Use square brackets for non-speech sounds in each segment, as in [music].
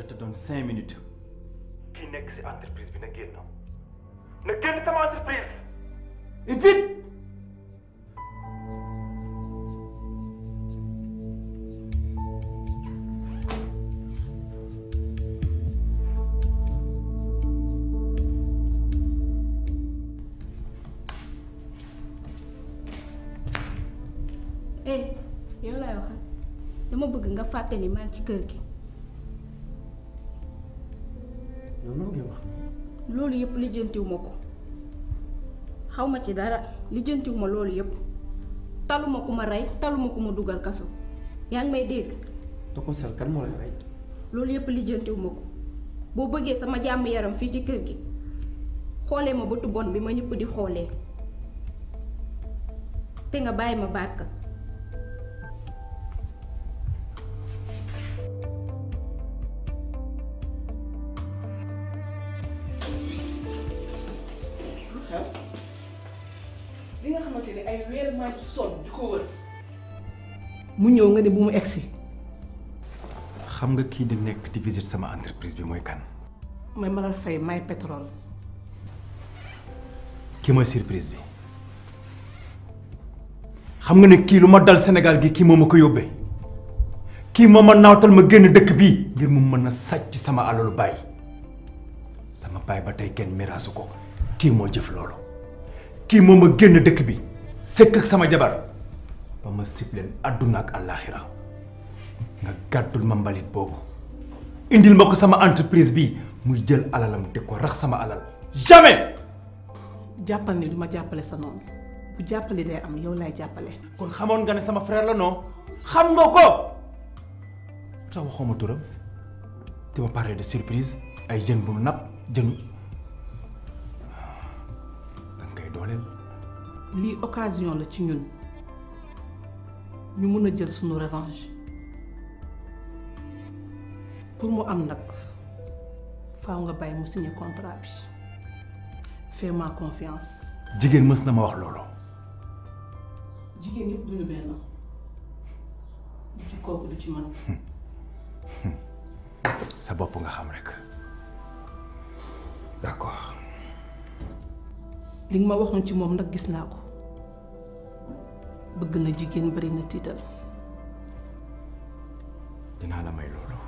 je te donne cinq minutes. kii nekk ci entreprise bi na génn na génn sama entreprise. et yow laay waxal dama bëgg nga fàttali maa ngi ci kër gi. loolu ngay wax yëpp lijjantiw ma ko xaw ma ci dara lijjantiw ma loolu yëpp taluma ku ma rey taluma ku ma dugal kaso yaa ngi may dégg. da ko sal kan moo lay rey. loolu yëpp lijjantiw ko boo bëggee sama jàmm yaram fii ci kër gi xoolee ma bëtu bon bi ma ñëpp di xoolee te nga bàyyi ma baat ka mu ñëw nga ne bu mu egsi xam nga kii di nekk di visite sama entreprise bi mooy kan mooy Malal Faye may pétrole kii mooy surprise bi xam nga ne kii lu ma dal Sénégal gi kii moo ma ko yóbbee kii moo ma naawtal ma génn dëkk bi ngir mu mën a sàcc sama alalu baay sama baay ba tey kenn miraasu ko kii moo jëf loolu kii moo ma génn dëkk bi sëkk ak sama jabar ba ma sib leen àdduna ak àllaaxira nga gàddul ma mbalit boobu indil ma ko sama entreprise bi muy jël alalam te ko rax sama alal jamais. jàppal ne du ma jàppale sa noonu bu jàppale day am yow laay jàppale. kon xamoon nga ne sama frère la non xam nga ko. sax waxoo ma turam te ma parler de surprise ay jën bu mu napp jënu danga dooleel. lii occasion la ci ñun. ñu mën a jël suñu revanche pour mu am nag faaw nga bàyyi mu signé contrat bi fais-moi confiance. jigéen mës na ma wax loolu. jigéen du ci [laughs] sa bopp nga xam rek d'accord. li nga ma waxoon ci moom nag gis naa ko. bëgg na jigéen bari na tiital dinaa la may loolu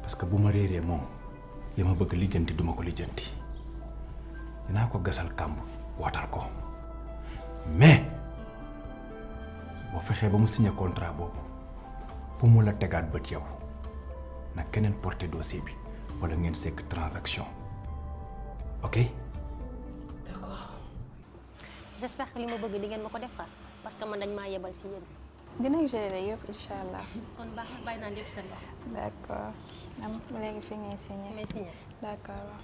parce que bu ma réeree moom li ma bëgg lijjanti duma ko lijjanti dinaa ko gasal kàmb watal ko mais boo fexee ba mu signé contrat boobu bu mu la tegaat bët yow na keneen porté dossier bi walla ngeen sekk transaction j'espère que li ma bëgg di ngeen ma ko defal parce que man dañ maa yebal si yéen. dinañ gérer yëpp incha allah. kon baax na bàyyi naa lépp sa loxo. d' accord am léegi fi ngay signé. ngay signé d' accord waaw.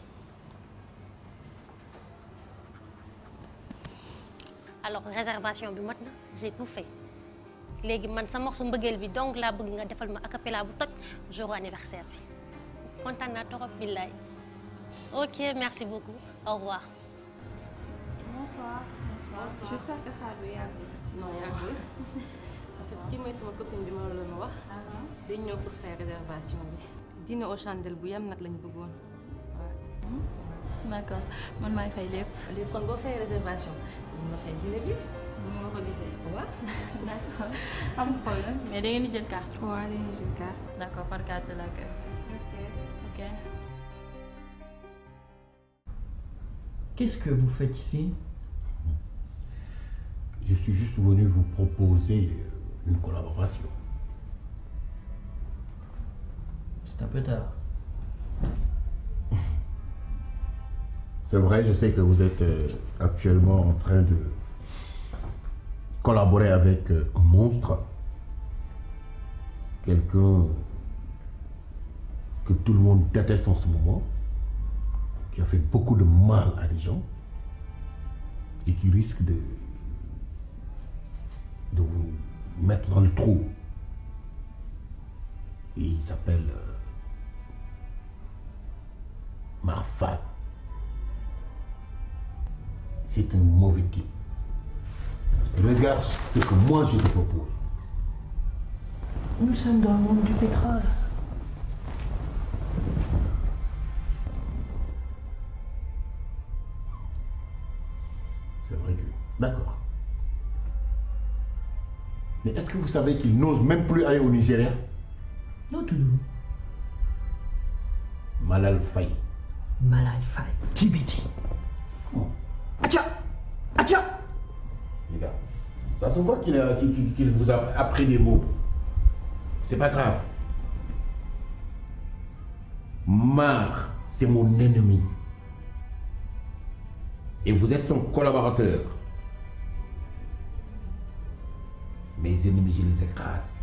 alors réservation bi mat na j'ai tout fait léegi man sa morceau mbëggeel bi donc laa bëgg nga defal ma acapella bu toj jour anniversaire bi kontaan naa torop billaay ok merci beaucoup au revoir. bonsoir. bonsoir j'espère que xaar bi yàggul non yàggul en mooy sama copine bi ma la doon wax ah dañ ñëw pour faire réservation bi dîner aux chandelles bu yem nag lañ bëggoon waaw hmm? d'accord man fay lépp lépp kon boo fay réservation bi ñu ma ko gisee waaw [laughs] d'accord am problème mais da ngeen di jël carte waaw da ngeen di jël carte d'accord par carte que vous faites Je suis juste venu vous proposer euh, une collaboration. C'est un peu tard. C'est vrai, je sais que vous êtes euh, actuellement en train de collaborer avec euh, un monstre. Quelqu'un que tout le monde déteste en ce moment, qui a fait beaucoup de mal à des gens et qui risque de de vous mettre dans le trou. Et il s'appelle euh, C'est un mauvais type. Regarde ce que moi je te propose. Nous sommes dans le monde du pétrole. C'est vrai que... Mais est-ce que vous savez qu'ils n'osent même plus aller au Nigeria Non, tout Malal Faye. Malal Faye. Tibiti. Oh. Atia Atia Les gars, ça se voit qu'il qu qu vous a appris des C'est pas grave. Mar, c'est mon ennemi. Et vous êtes son collaborateur. mes ennemis, je les écrase.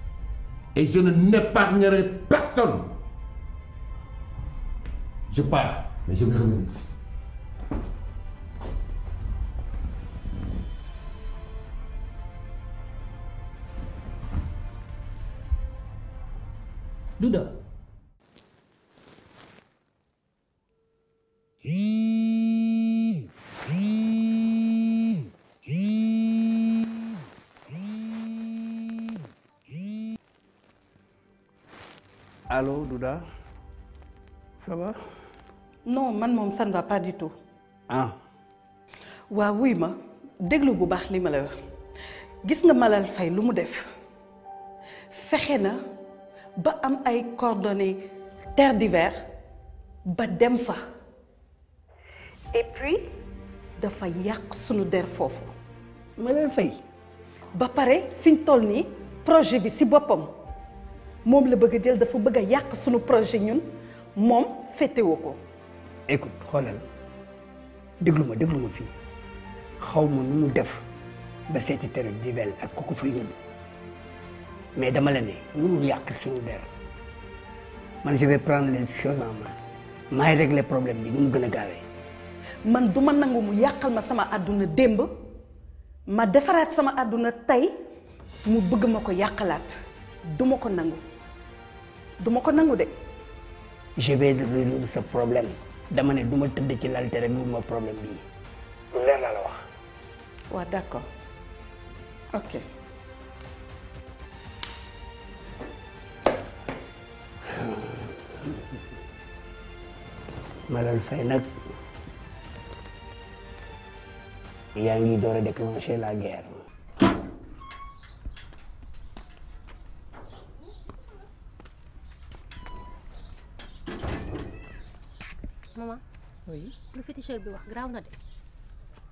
Et ne n'épargnerai personne. Je pars, mais je vais revenir. Douda non man moom ça ne pas du tout. ah. waaw wuy ma déglu bu baax li ma lay wax gis nga Malal fay lu mu def fexe na ba am ay coordonnées terre d'hiver ba dem fa. et puis. dafa yàq sunu der foofu. Malal Faye. ba pare fi ñu toll nii projet bi ci boppam. moom la bëgg a jël dafa bëgg a yàq suñu projet ñun moom féetewoo ko. écoute xoolal déglu ma déglu ma fii xaw ma nu mu def ba seeti tere dibel ak ku ko fa yóbbu mais dama la ne mënul yàq suñu der man je vais prendre les problème bi nu mu gën a gaawee. man du ma nangu mu yàqal ma sama àdduna démb ma defaraat sama àdduna tey mu bëgg ma ko yàqalaat duma ko nangu. duma ko nangu de. je vais résoudre ce problème dama ne du ma tëdd ci lal te ma problème bii. lenn la wax. waaw d'accord ok. Malal Faye nag yaa ngi door a déclencher la guerre. tricheur bi wax graaw na de.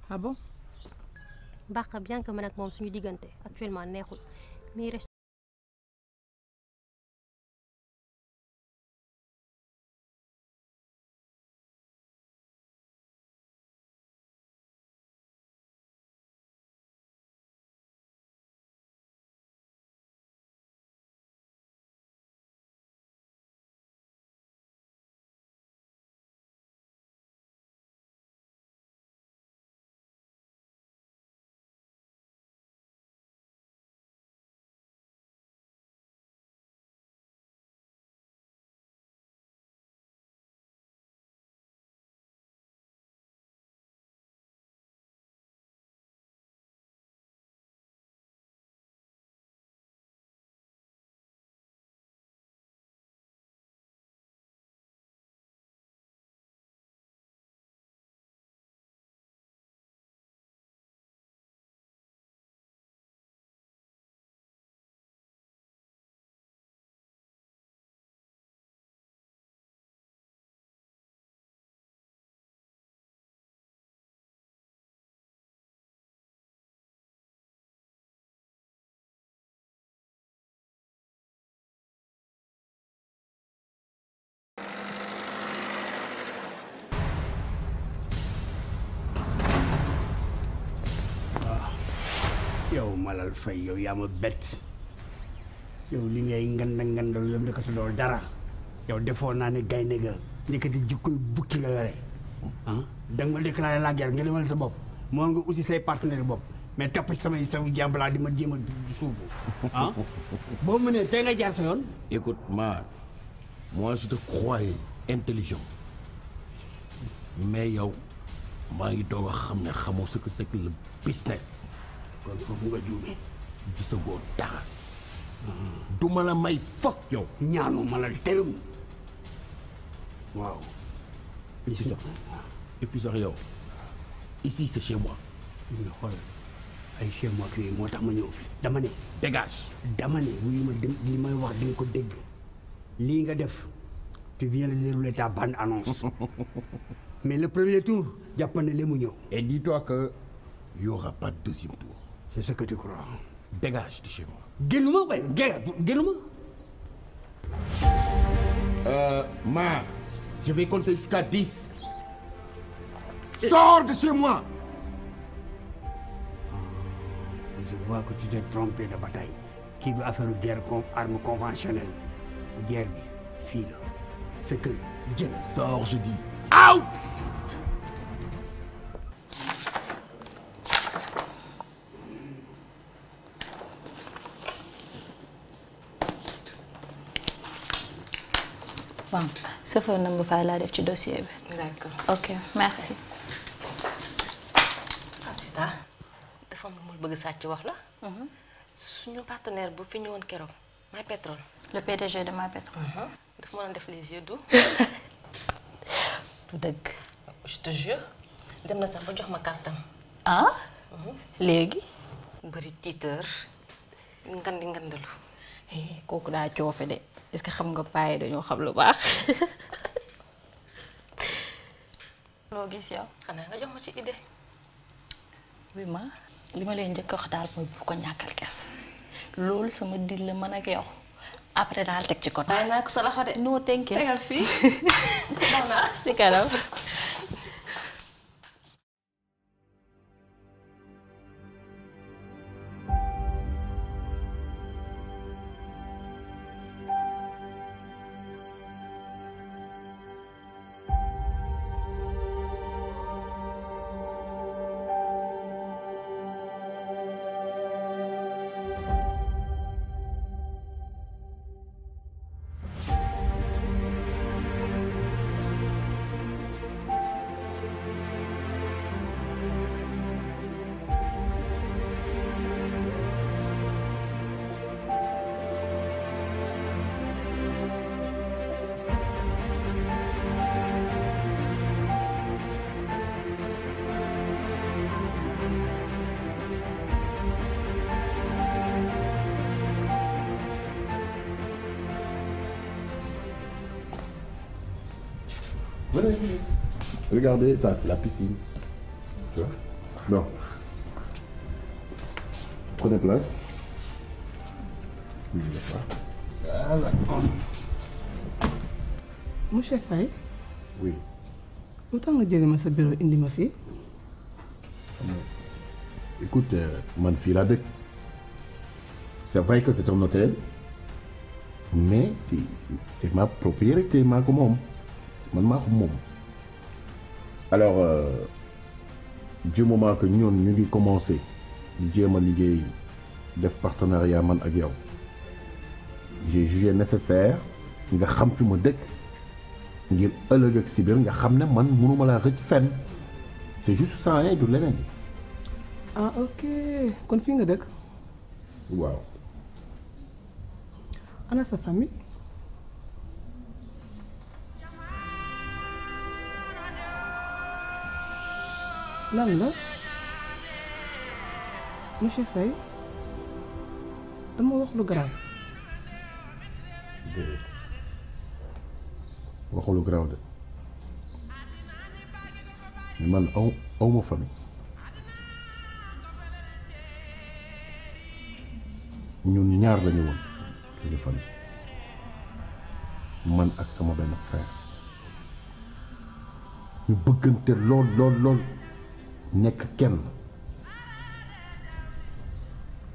ah bon. Bakka bien que man ak moom suñu diggante actuellement neexul mais malal fay yow yaa ma bett yow li ngay nganda ngandal yow ndekati doo dara yow defoo naa ne gaynde ga ndekati jikkoy bukki nga yore ah da nga naa déclaré la guerre nga demal sa bopp moo nga uti say partenaire bopp mais topp ci samay saw jàmbalaa di ma jéem a suufu ah boo mënee tey nga jaar sa yoon écoute ma moi je te croyais intelligent mais yow maa ngi doog a xam ne xamoo ce que c'est que kon foofu nga juumee gisagoo dara du la may foog yow ñaanu ma la dërëm waaw ici et puis yow ici c'est chez ay chez moi moo tax ma ñëw fi dama ne dégage dama ne wuyu ma dem li may wax di nga ko dégg lii nga def tu viens de dérouler ta bande annonce [laughs] mais le premier tour jàpp na mu ñëw et dis-toi que y tour C'est ce que tu crois. Dégage de chez moi. Génnuma waaye génnuma. Euh, je vais compter jusqu'à dix. Sors chez moi. Ah, je vois que tu t'es trompé de bataille. kii bi affaire guerre arme conventionnelle. guerre bi fii la. sa kër jël. je dis. Out. waaw chauffeur Namba laa def ci dossier bi. ok merci. Absita lu mu bëgg sàcc wax la. Mhm. suñu partenaire bu fi ñëwoon keroog My Pétrole. le PDG de My Pétrole. Mhm. def les yeux [laughs] du dëgg. dem na sax ba jox ma kartam ah. Mhm. léegi. bëri tiitër ngandi ngandalu. Eh, kooku daa coofe de. est-ce que xam nga paye dañoo xam lu baax. loo gis yow. xanaa nga jox ma ci idée. oui ma li ma leen njëkk wax daal mooy bu ko ñàkkal kes loolu sama dil la mën ak yow après daal teg ci côté. waaye naa ko sa loxo de. noo tenkee tegal fii. [laughs] venez, venez. Regardez, ça, c'est la piscine. Bon. Prenez place. Oui, je Voilà. Monsieur Faye. oui. lu tax sa bureau indi ma fii. écoute euh, man fii laa dëkk c'est vrai que c'est un hôtel mais c'est c'est ma propriété maa ko moom. man maa ko moom alors euh, du moment ñoon ñu ngi commencé di jéem a liggéey def partenariat man ak yow j'ai jugé nécessaire nga xam fi ma dëkk ngir ëllëg ak si biir nga xam ne man mënuma laa rëcc fenn c'est juste ça hein du leneen. ah ok kon fii nga dëkk. waaw. ana lan la monsieur Faye dama wax lu garaaw. de man aw aw ma ñun ñaar lañu woon suñu famille man ak sama benn frère ñu bëggante lool lool lool. nekk kenn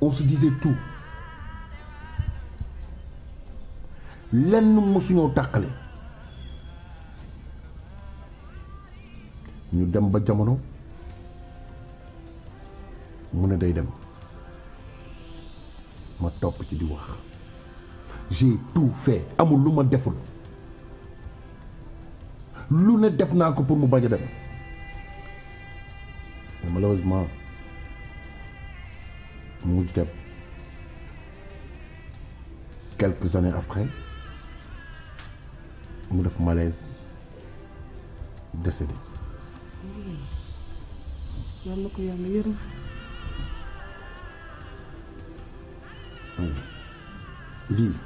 on se disait tout lenn mosuñoo taqale ñu dem ba jamono mu ne day dem ma topp ci di wax j'ai tout fait amul lu ma deful lu ne def naa ko pour mu bañ a dem malheureusement mu mujj dem quelques années après mu def malaise décédé. yàlla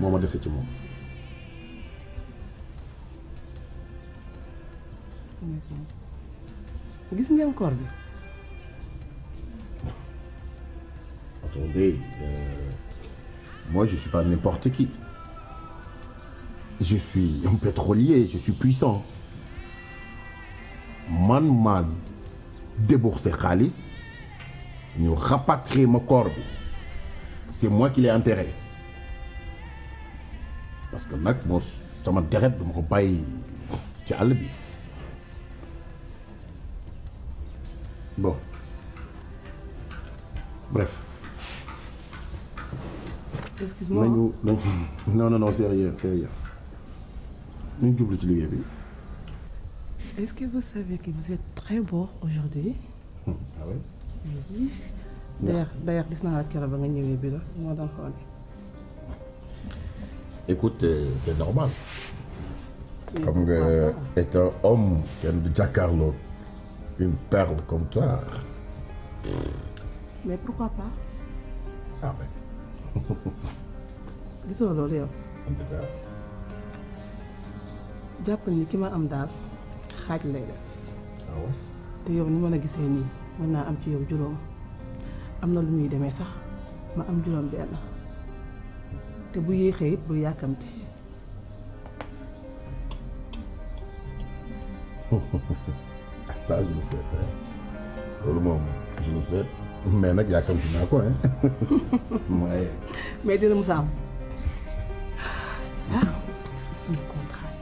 moo ma dese ci moom. gis ngeen koor bi. hey, euh, moi je suis pas n'importe qui. Je suis un pétrolier, je suis puissant. man maan débourser xaalis ñu rapatrier ma corps bi c'est moi qui l'ai enterré parce que nag moo sama deret dama ko bàyyi ci àll bi bon bref excuse-moi nañu nañ non non non sérieux sérieux ñu jublu ci liggéey bi. est-ce que vous savez que vous êtes très beau aujourd'hui. Hmm. ah oui. oui. d'ailleurs d'ailleurs gis naa la keroog ba nga ñëwee bureau moo doon xool. écoute euh, c'est normal. xam nga est un homme kenn du jàkkaarloo une perle comme toi. mais pourquoi pas. ah ben. [laughs] gisoo loolu yow. jàppal ni ki ma am daal xaaj lay def. waaw. Ah te yow ni ma a gisee nii mën naa am ci yow juróom am na lu muy demee sax ma am juróom benn te bu yéexee it bul yàkkamti. ah [laughs] ça je le sais loolu moom mais nag yàkkamti naa ko hein. [laughs] mais dina mu